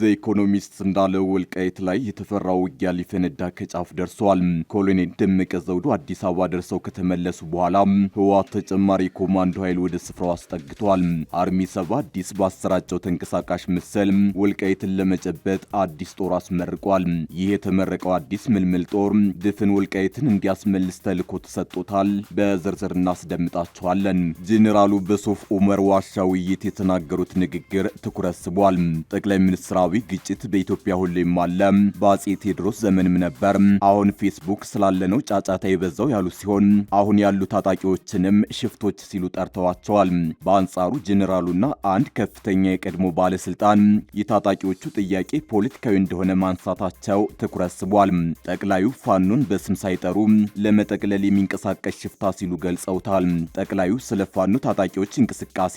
ዘኢኮኖሚስት እንዳለው ወልቃይት ላይ የተፈራው ውጊያ ሊፈነዳ ከጫፍ ደርሰዋል። ኮሎኔል ደመቀ ዘውዱ አዲስ አበባ ደርሰው ከተመለሱ በኋላ ህወሓት ተጨማሪ ኮማንዶ ኃይል ወደ ስፍራው አስጠግቷል። አርሚ ሰባ አዲስ ባሰራጨው ተንቀሳቃሽ ምስል ወልቃይትን ለመጨበጥ አዲስ ጦር አስመርቋል። ይህ የተመረቀው አዲስ ምልምል ጦር ድፍን ወልቃይትን እንዲያስመልስ ተልዕኮ ተሰጥቶታል። በዝርዝር እናስደምጣችኋለን። ጄኔራሉ በሶፍ ኡመር ዋሻ ውይይት የተናገሩት ንግግር ትኩረት ስቧል። ጠቅላይ ሚኒስትር ኤርትራዊ ግጭት በኢትዮጵያ ሁሌም አለ። በአጼ ቴዎድሮስ ዘመንም ነበር። አሁን ፌስቡክ ስላለነው ጫጫታ የበዛው ያሉ ሲሆን አሁን ያሉ ታጣቂዎችንም ሽፍቶች ሲሉ ጠርተዋቸዋል። በአንጻሩ ጀኔራሉና አንድ ከፍተኛ የቀድሞ ባለስልጣን የታጣቂዎቹ ጥያቄ ፖለቲካዊ እንደሆነ ማንሳታቸው ትኩረት ስቧል። ጠቅላዩ ፋኖን በስም ሳይጠሩ ለመጠቅለል የሚንቀሳቀስ ሽፍታ ሲሉ ገልጸውታል። ጠቅላዩ ስለ ፋኖ ታጣቂዎች እንቅስቃሴ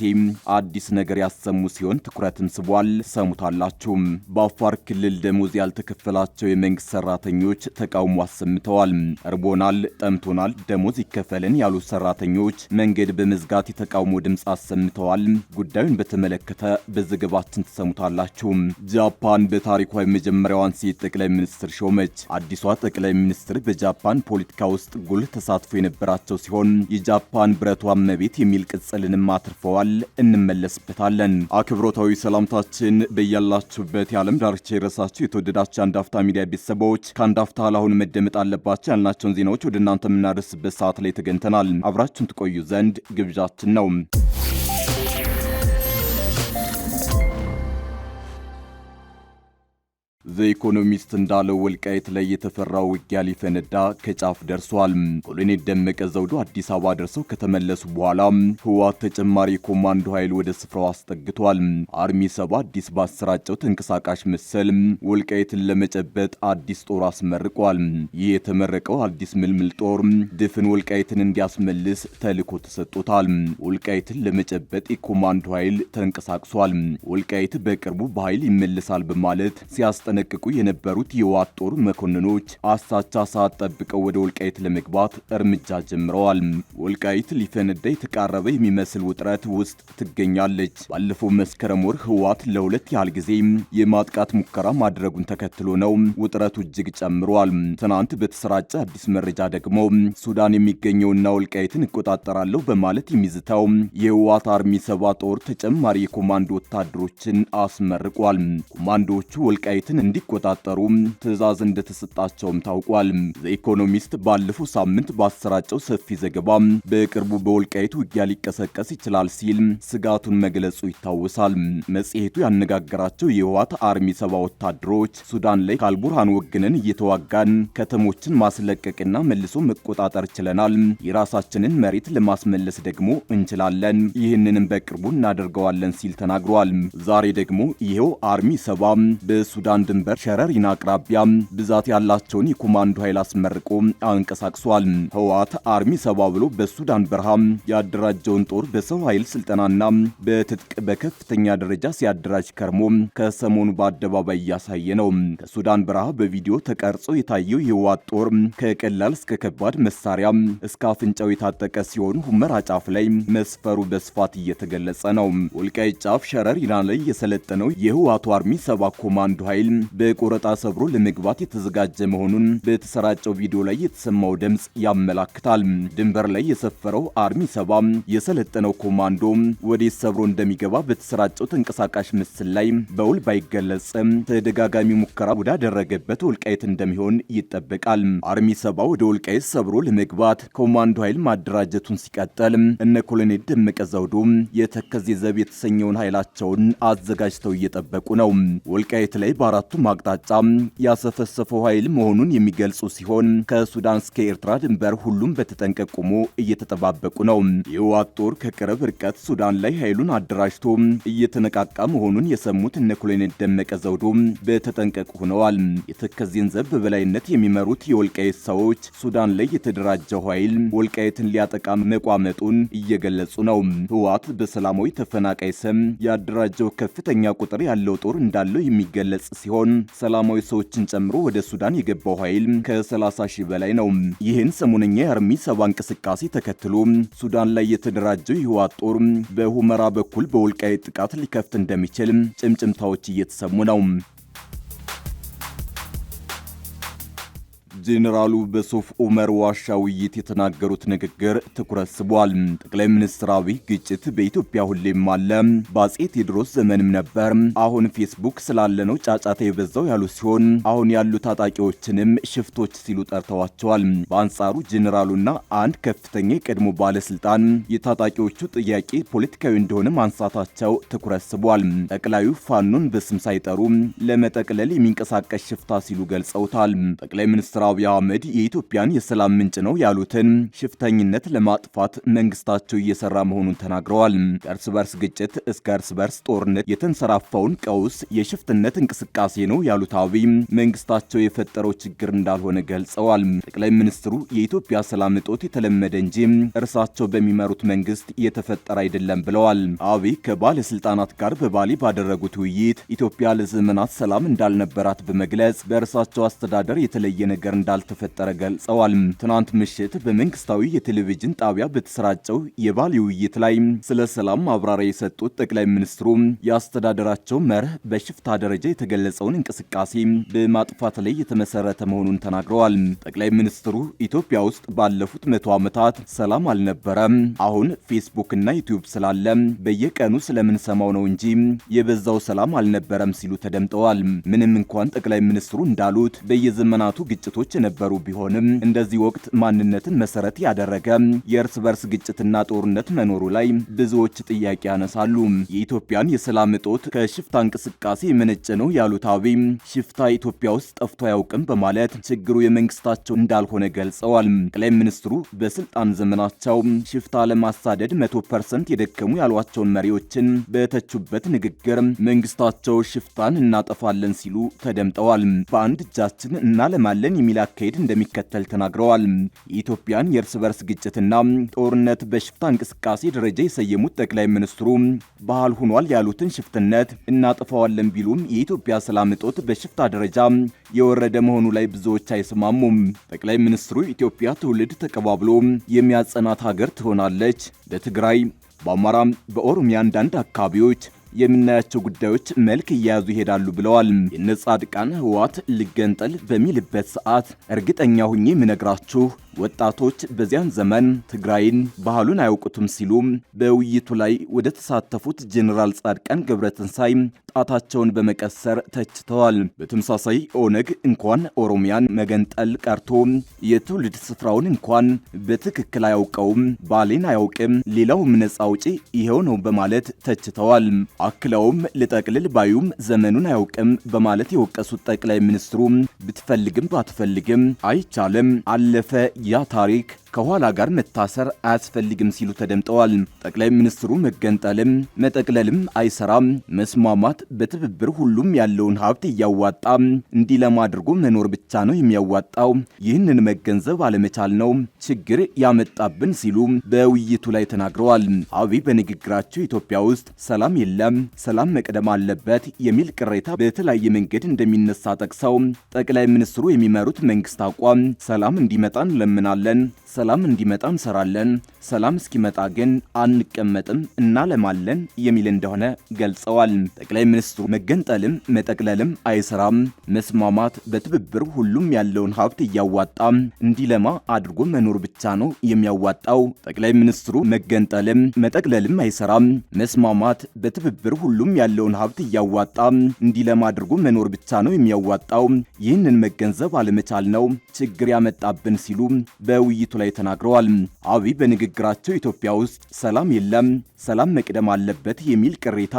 አዲስ ነገር ያሰሙ ሲሆን ትኩረትም ስቧል። ሰሙታላችሁ። አልተካተቱም። በአፋር ክልል ደሞዝ ያልተከፈላቸው የመንግስት ሰራተኞች ተቃውሞ አሰምተዋል። እርቦናል፣ ጠምቶናል፣ ደሞዝ ይከፈልን ያሉት ሰራተኞች መንገድ በመዝጋት የተቃውሞ ድምፅ አሰምተዋል። ጉዳዩን በተመለከተ በዘገባችን ትሰሙታላችሁ። ጃፓን በታሪኳ የመጀመሪያዋን ሴት ጠቅላይ ሚኒስትር ሾመች። አዲሷ ጠቅላይ ሚኒስትር በጃፓን ፖለቲካ ውስጥ ጉልህ ተሳትፎ የነበራቸው ሲሆን የጃፓን ብረቷ እመቤት የሚል ቅጽልንም አትርፈዋል። እንመለስበታለን። አክብሮታዊ ሰላምታችን በያላችሁ ባላችሁበት የዓለም ዳርቻ የረሳችሁ የተወደዳችሁ አንዳፍታ ሚዲያ ቤተሰቦች ከአንዳፍታ አፍታ ለአሁን መደመጥ አለባቸው ያልናቸውን ዜናዎች ወደ እናንተ የምናደርስበት ሰዓት ላይ ተገኝተናል። አብራችሁን ትቆዩ ዘንድ ግብዣችን ነው። ዘኢኮኖሚስት እንዳለው ወልቃይት ላይ የተፈራው ውጊያ ሊፈነዳ ከጫፍ ደርሷል። ኮሎኔል ደመቀ ዘውዱ አዲስ አበባ ደርሰው ከተመለሱ በኋላ ህወሓት ተጨማሪ የኮማንዶ ኃይል ወደ ስፍራው አስጠግቷል። አርሚ ሰባ አዲስ ባሰራጨው ተንቀሳቃሽ ምስል ወልቃይትን ለመጨበጥ አዲስ ጦር አስመርቋል። ይህ የተመረቀው አዲስ ምልምል ጦር ድፍን ወልቃይትን እንዲያስመልስ ተልዕኮ ተሰጥቶታል። ወልቃይትን ለመጨበጥ የኮማንዶ ኃይል ተንቀሳቅሷል። ወልቃይት በቅርቡ በኃይል ይመልሳል በማለት ሲያስ ሲያስጠነቅቁ የነበሩት የዋት ጦር መኮንኖች አሳቻ ሰዓት ጠብቀው ወደ ወልቃይት ለመግባት እርምጃ ጀምረዋል። ወልቃይት ሊፈነዳ የተቃረበ የሚመስል ውጥረት ውስጥ ትገኛለች። ባለፈው መስከረም ወር ህወሓት ለሁለት ያህል ጊዜ የማጥቃት ሙከራ ማድረጉን ተከትሎ ነው ውጥረቱ እጅግ ጨምሯል። ትናንት በተሰራጨ አዲስ መረጃ ደግሞ ሱዳን የሚገኘውና ወልቃይትን እቆጣጠራለሁ በማለት የሚዝተው የህወሓት አርሚ ሰባ ጦር ተጨማሪ የኮማንዶ ወታደሮችን አስመርቋል። ኮማንዶዎቹ ወልቃይትን እንዲቆጣጠሩ ትዕዛዝ እንደተሰጣቸውም ታውቋል። ዘኢኮኖሚስት ባለፈው ሳምንት ባሰራጨው ሰፊ ዘገባ በቅርቡ በወልቃይት ውጊያ ሊቀሰቀስ ይችላል ሲል ስጋቱን መግለጹ ይታወሳል። መጽሔቱ ያነጋገራቸው የህዋት አርሚ ሰባ ወታደሮች ሱዳን ላይ ካልቡርሃን ወግነን እየተዋጋን ከተሞችን ማስለቀቅና መልሶ መቆጣጠር ችለናል። የራሳችንን መሬት ለማስመለስ ደግሞ እንችላለን። ይህንንም በቅርቡ እናደርገዋለን ሲል ተናግሯል። ዛሬ ደግሞ ይኸው አርሚ ሰባ በሱዳን ድንበር ሸረሪና አቅራቢያ ብዛት ያላቸውን የኮማንዶ ኃይል አስመርቆ አንቀሳቅሷል። ህወሓት አርሚ ሰባ ብሎ በሱዳን በረሃ ያደራጀውን ጦር በሰው ኃይል ስልጠናና በትጥቅ በከፍተኛ ደረጃ ሲያደራጅ ከርሞ ከሰሞኑ በአደባባይ እያሳየ ነው። ከሱዳን በረሃ በቪዲዮ ተቀርጾ የታየው የህወሓት ጦር ከቀላል እስከ ከባድ መሳሪያ እስከ አፍንጫው የታጠቀ ሲሆን ሁመራ ጫፍ ላይ መስፈሩ በስፋት እየተገለጸ ነው። ወልቃይ ጫፍ ሸረሪና ላይ የሰለጠነው የህወሓቱ አርሚ ሰባ ኮማንዶ ኃይል በቆረጣ ሰብሮ ለመግባት የተዘጋጀ መሆኑን በተሰራጨው ቪዲዮ ላይ የተሰማው ድምፅ ያመላክታል። ድንበር ላይ የሰፈረው አርሚ ሰባ የሰለጠነው ኮማንዶ ወዴት ሰብሮ እንደሚገባ በተሰራጨው ተንቀሳቃሽ ምስል ላይ በውል ባይገለጽም ተደጋጋሚ ሙከራ ወዳደረገበት ወልቃይት እንደሚሆን ይጠበቃል። አርሚ ሰባ ወደ ወልቃይት ሰብሮ ለመግባት ኮማንዶ ኃይል ማደራጀቱን ሲቀጥል እነ ኮሎኔል ደመቀ ዘውዱ የተከዜ ዘብ የተሰኘውን ኃይላቸውን አዘጋጅተው እየጠበቁ ነው። ወልቃይት ላይ በአራት በአራቱም አቅጣጫ ያሰፈሰፈው ኃይል መሆኑን የሚገልጹ ሲሆን ከሱዳን እስከ ኤርትራ ድንበር ሁሉም በተጠንቀቅ ቆሞ እየተጠባበቁ ነው። የህወሓት ጦር ከቅርብ ርቀት ሱዳን ላይ ኃይሉን አደራጅቶ እየተነቃቃ መሆኑን የሰሙት እነ ኮሎኔል ደመቀ ዘውዱ በተጠንቀቅ ሆነዋል። የተከዜን ዘብ በበላይነት የሚመሩት የወልቃየት ሰዎች ሱዳን ላይ የተደራጀው ኃይል ወልቃየትን ሊያጠቃ መቋመጡን እየገለጹ ነው። ህወሓት በሰላማዊ ተፈናቃይ ስም ያደራጀው ከፍተኛ ቁጥር ያለው ጦር እንዳለው የሚገለጽ ሲሆን ሲሆን ሰላማዊ ሰዎችን ጨምሮ ወደ ሱዳን የገባው ኃይል ከ30 ሺህ በላይ ነው። ይህን ሰሞነኛ የአርሚ ሰባ እንቅስቃሴ ተከትሎ ሱዳን ላይ የተደራጀው የህወሓት ጦር በሁመራ በኩል በወልቃይት ጥቃት ሊከፍት እንደሚችል ጭምጭምታዎች እየተሰሙ ነው። ጄኔራሉ በሶፍ ኡመር ዋሻ ውይይት የተናገሩት ንግግር ትኩረት ስቧል። ጠቅላይ ሚኒስትር አብይ ግጭት በኢትዮጵያ ሁሌም አለ፣ በአጼ ቴዎድሮስ ዘመንም ነበር፣ አሁን ፌስቡክ ስላለ ነው ጫጫታ የበዛው ያሉ ሲሆን አሁን ያሉ ታጣቂዎችንም ሽፍቶች ሲሉ ጠርተዋቸዋል። በአንጻሩ ጄኔራሉና አንድ ከፍተኛ የቀድሞ ባለስልጣን የታጣቂዎቹ ጥያቄ ፖለቲካዊ እንደሆነ ማንሳታቸው ትኩረት ስቧል። ጠቅላዩ ፋኖን በስም ሳይጠሩ ለመጠቅለል የሚንቀሳቀስ ሽፍታ ሲሉ ገልጸውታል። ጠቅላይ ሚኒስትር አብይ አህመድ የኢትዮጵያን የሰላም ምንጭ ነው ያሉትን ሽፍተኝነት ለማጥፋት መንግስታቸው እየሰራ መሆኑን ተናግረዋል። ከእርስ በርስ ግጭት እስከ እርስ በርስ ጦርነት የተንሰራፋውን ቀውስ የሽፍትነት እንቅስቃሴ ነው ያሉት አብይ መንግስታቸው የፈጠረው ችግር እንዳልሆነ ገልጸዋል። ጠቅላይ ሚኒስትሩ የኢትዮጵያ ሰላም እጦት የተለመደ እንጂ እርሳቸው በሚመሩት መንግስት የተፈጠረ አይደለም ብለዋል። አብይ ከባለስልጣናት ጋር በባሌ ባደረጉት ውይይት ኢትዮጵያ ለዘመናት ሰላም እንዳልነበራት በመግለጽ በእርሳቸው አስተዳደር የተለየ ነገር እንዳልተፈጠረ ገልጸዋል። ትናንት ምሽት በመንግስታዊ የቴሌቪዥን ጣቢያ በተሰራጨው የባሌ ውይይት ላይ ስለ ሰላም ማብራሪያ የሰጡት ጠቅላይ ሚኒስትሩ የአስተዳደራቸው መርህ በሽፍታ ደረጃ የተገለጸውን እንቅስቃሴ በማጥፋት ላይ የተመሰረተ መሆኑን ተናግረዋል። ጠቅላይ ሚኒስትሩ ኢትዮጵያ ውስጥ ባለፉት መቶ ዓመታት ሰላም አልነበረም። አሁን ፌስቡክ እና ዩቲዩብ ስላለ በየቀኑ ስለምንሰማው ነው እንጂ የበዛው ሰላም አልነበረም ሲሉ ተደምጠዋል። ምንም እንኳን ጠቅላይ ሚኒስትሩ እንዳሉት በየዘመናቱ ግጭቶች ግጭቶች የነበሩ ቢሆንም እንደዚህ ወቅት ማንነትን መሰረት ያደረገ የእርስ በርስ ግጭትና ጦርነት መኖሩ ላይ ብዙዎች ጥያቄ ያነሳሉ። የኢትዮጵያን የሰላም እጦት ከሽፍታ እንቅስቃሴ የመነጨ ነው ያሉት አብይ ሽፍታ ኢትዮጵያ ውስጥ ጠፍቶ አያውቅም በማለት ችግሩ የመንግስታቸው እንዳልሆነ ገልጸዋል። ጠቅላይ ሚኒስትሩ በስልጣን ዘመናቸው ሽፍታ ለማሳደድ መቶ ፐርሰንት የደከሙ ያሏቸውን መሪዎችን በተቹበት ንግግር መንግስታቸው ሽፍታን እናጠፋለን ሲሉ ተደምጠዋል። በአንድ እጃችን እናለማለን የሚል አካሄድ እንደሚከተል ተናግረዋል። የኢትዮጵያን የእርስ በርስ ግጭትና ጦርነት በሽፍታ እንቅስቃሴ ደረጃ የሰየሙት ጠቅላይ ሚኒስትሩ ባህል ሆኗል ያሉትን ሽፍትነት እናጥፈዋለን ቢሉም የኢትዮጵያ ሰላም እጦት በሽፍታ ደረጃ የወረደ መሆኑ ላይ ብዙዎች አይስማሙም። ጠቅላይ ሚኒስትሩ ኢትዮጵያ ትውልድ ተቀባብሎ የሚያጸናት ሀገር ትሆናለች፣ በትግራይ፣ በአማራ፣ በኦሮሚያ አንዳንድ አካባቢዎች የምናያቸው ጉዳዮች መልክ እየያዙ ይሄዳሉ ብለዋል። የነ ጻድቃን ህወሓት ልገንጠል በሚልበት ሰዓት እርግጠኛ ሁኜ የምነግራችሁ ወጣቶች በዚያን ዘመን ትግራይን ባህሉን አያውቁትም ሲሉ በውይይቱ ላይ ወደ ተሳተፉት ጄኔራል ጻድቃን ገብረትንሳይ ጣታቸውን በመቀሰር ተችተዋል። በተመሳሳይ ኦነግ እንኳን ኦሮሚያን መገንጠል ቀርቶ የትውልድ ስፍራውን እንኳን በትክክል አያውቀውም፣ ባሌን አያውቅም፣ ሌላውም ነጻ አውጪ ይኸው ነው በማለት ተችተዋል። አክለውም ልጠቅልል ባዩም ዘመኑን አያውቅም በማለት የወቀሱት ጠቅላይ ሚኒስትሩ ብትፈልግም ባትፈልግም አይቻልም አለፈ ያ ታሪክ ከኋላ ጋር መታሰር አያስፈልግም ሲሉ ተደምጠዋል። ጠቅላይ ሚኒስትሩ መገንጠልም መጠቅለልም አይሰራም፣ መስማማት በትብብር ሁሉም ያለውን ሀብት እያዋጣ እንዲህ አድርጎ መኖር ብቻ ነው የሚያዋጣው። ይህንን መገንዘብ አለመቻል ነው ችግር ያመጣብን ሲሉ በውይይቱ ላይ ተናግረዋል። አብይ በንግግራቸው ኢትዮጵያ ውስጥ ሰላም የለም፣ ሰላም መቅደም አለበት የሚል ቅሬታ በተለያየ መንገድ እንደሚነሳ ጠቅሰው ጠቅላይ ሚኒስትሩ የሚመሩት መንግስት አቋም ሰላም እንዲመጣን ለመ እንለምናለን። ሰላም እንዲመጣ እንሰራለን። ሰላም እስኪመጣ ግን አንቀመጥም፣ እናለማለን የሚል እንደሆነ ገልጸዋል። ጠቅላይ ሚኒስትሩ መገንጠልም መጠቅለልም አይሰራም፣ መስማማት በትብብር ሁሉም ያለውን ሀብት እያዋጣ እንዲለማ አድርጎ መኖር ብቻ ነው የሚያዋጣው። ጠቅላይ ሚኒስትሩ መገንጠልም መጠቅለልም አይሰራም፣ መስማማት በትብብር ሁሉም ያለውን ሀብት እያዋጣ እንዲለማ አድርጎ መኖር ብቻ ነው የሚያዋጣው። ይህንን መገንዘብ አለመቻል ነው ችግር ያመጣብን ሲሉ በውይይቱ ላይ ተናግረዋል። አብይ በንግግራቸው ኢትዮጵያ ውስጥ ሰላም የለም፣ ሰላም መቅደም አለበት የሚል ቅሬታ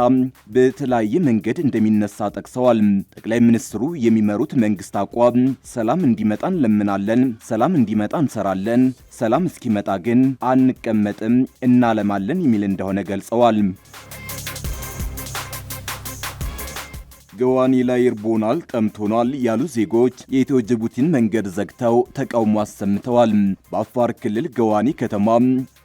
በተለያየ መንገድ እንደሚነሳ ጠቅሰዋል። ጠቅላይ ሚኒስትሩ የሚመሩት መንግስት አቋም ሰላም እንዲመጣ እንለምናለን፣ ሰላም እንዲመጣ እንሰራለን፣ ሰላም እስኪመጣ ግን አንቀመጥም፣ እናለማለን የሚል እንደሆነ ገልጸዋል። ገዋኒ ላይ እርቦናል፣ ጠምቶናል ያሉ ዜጎች የኢትዮ ጅቡቲን መንገድ ዘግተው ተቃውሞ አሰምተዋል። በአፋር ክልል ገዋኒ ከተማ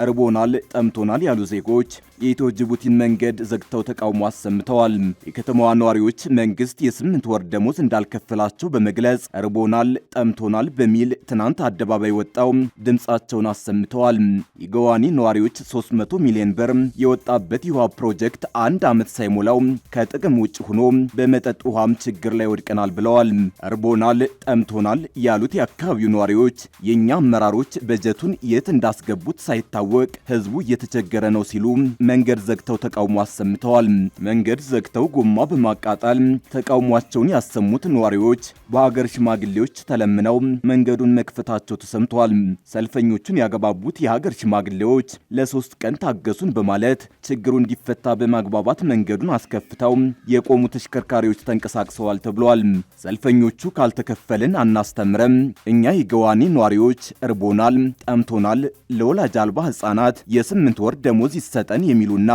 እርቦናል፣ ጠምቶናል ያሉ ዜጎች የኢትዮ ጅቡቲን መንገድ ዘግተው ተቃውሞ አሰምተዋል። የከተማዋ ነዋሪዎች መንግስት የስምንት ወር ደሞዝ እንዳልከፈላቸው በመግለጽ እርቦናል፣ ጠምቶናል በሚል ትናንት አደባባይ ወጣው ድምፃቸውን አሰምተዋል። የገዋኒ ነዋሪዎች 300 ሚሊዮን ብር የወጣበት የውሃ ፕሮጀክት አንድ ዓመት ሳይሞላው ከጥቅም ውጭ ሆኖ በመ የመጠጥ ውሃም ችግር ላይ ወድቀናል ብለዋል። እርቦናል፣ ጠምቶናል ያሉት የአካባቢው ነዋሪዎች የእኛ አመራሮች በጀቱን የት እንዳስገቡት ሳይታወቅ ህዝቡ እየተቸገረ ነው ሲሉ መንገድ ዘግተው ተቃውሞ አሰምተዋል። መንገድ ዘግተው ጎማ በማቃጠል ተቃውሟቸውን ያሰሙት ነዋሪዎች በሀገር ሽማግሌዎች ተለምነው መንገዱን መክፈታቸው ተሰምተዋል። ሰልፈኞቹን ያገባቡት የሀገር ሽማግሌዎች ለሶስት ቀን ታገሱን በማለት ችግሩ እንዲፈታ በማግባባት መንገዱን አስከፍተው የቆሙ ተሽከርካሪ ተማሪዎች ተንቀሳቅሰዋል ተብሏል። ሰልፈኞቹ ካልተከፈልን አናስተምረም፣ እኛ የገዋኔ ነዋሪዎች እርቦናል፣ ጠምቶናል፣ ለወላጅ አልባ ህጻናት የስምንት ወር ደሞዝ ይሰጠን የሚሉና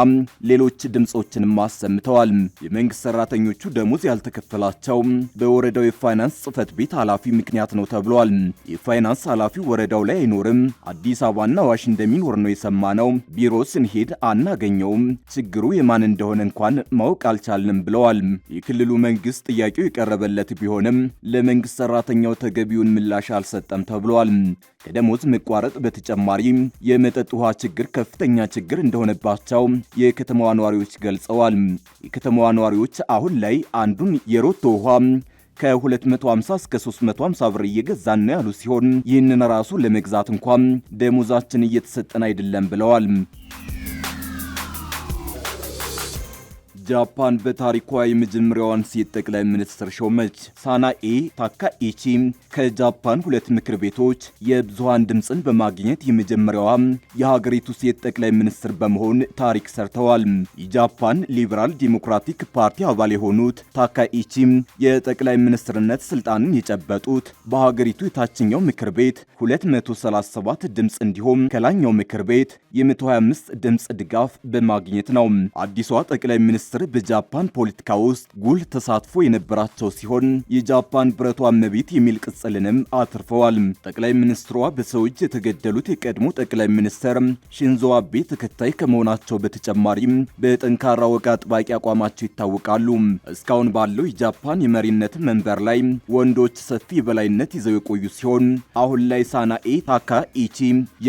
ሌሎች ድምፆችንም አሰምተዋል። የመንግስት ሰራተኞቹ ደሞዝ ያልተከፈላቸው በወረዳው የፋይናንስ ጽህፈት ቤት ኃላፊ ምክንያት ነው ተብሏል። የፋይናንስ ኃላፊው ወረዳው ላይ አይኖርም፣ አዲስ አበባና ዋሽ እንደሚኖር ነው የሰማ ነው። ቢሮ ስንሄድ አናገኘውም፣ ችግሩ የማን እንደሆነ እንኳን ማወቅ አልቻልንም ብለዋል። የክልሉ መንግስት ጥያቄው የቀረበለት ቢሆንም ለመንግስት ሰራተኛው ተገቢውን ምላሽ አልሰጠም ተብሏል። ከደሞዝ መቋረጥ በተጨማሪ የመጠጥ ውሃ ችግር ከፍተኛ ችግር እንደሆነባቸው የከተማዋ ነዋሪዎች ገልጸዋል። የከተማዋ ነዋሪዎች አሁን ላይ አንዱን የሮቶ ውሃ ከ250 እስከ 350 ብር እየገዛን ነው ያሉ ሲሆን ይህንን ራሱ ለመግዛት እንኳን ደሞዛችን እየተሰጠን አይደለም ብለዋል። ጃፓን በታሪኳ የመጀመሪያዋን ሴት ጠቅላይ ሚኒስትር ሾመች። ሳናኤ ታካኢቺ ከጃፓን ሁለት ምክር ቤቶች የብዙሃን ድምፅን በማግኘት የመጀመሪያዋ የሀገሪቱ ሴት ጠቅላይ ሚኒስትር በመሆን ታሪክ ሰርተዋል። የጃፓን ሊበራል ዲሞክራቲክ ፓርቲ አባል የሆኑት ታካኢቺ የጠቅላይ ሚኒስትርነት ስልጣንን የጨበጡት በሀገሪቱ የታችኛው ምክር ቤት 237 ድምፅ እንዲሁም ከላይኛው ምክር ቤት የ125 ድምፅ ድጋፍ በማግኘት ነው። አዲሷ ጠቅላይ ሚኒስትር ሚኒስትር በጃፓን ፖለቲካ ውስጥ ጉልህ ተሳትፎ የነበራቸው ሲሆን የጃፓን ብረቷ እመቤት የሚል ቅጽልንም አትርፈዋል። ጠቅላይ ሚኒስትሯ በሰው እጅ የተገደሉት የቀድሞ ጠቅላይ ሚኒስትር ሺንዞ አቤ ተከታይ ከመሆናቸው በተጨማሪም በጠንካራ ወግ አጥባቂ አቋማቸው ይታወቃሉ። እስካሁን ባለው የጃፓን የመሪነት መንበር ላይ ወንዶች ሰፊ የበላይነት ይዘው የቆዩ ሲሆን አሁን ላይ ሳናኤ ታካ ኢቺ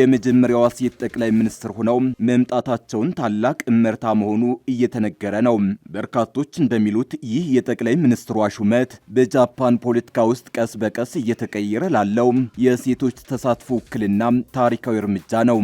የመጀመሪያዋ ሴት ጠቅላይ ሚኒስትር ሆነው መምጣታቸውን ታላቅ እመርታ መሆኑ እየተነገረ ነው። ነው። በርካቶች እንደሚሉት ይህ የጠቅላይ ሚኒስትሯ ሹመት በጃፓን ፖለቲካ ውስጥ ቀስ በቀስ እየተቀየረ ላለው የሴቶች ተሳትፎ ውክልና ታሪካዊ እርምጃ ነው።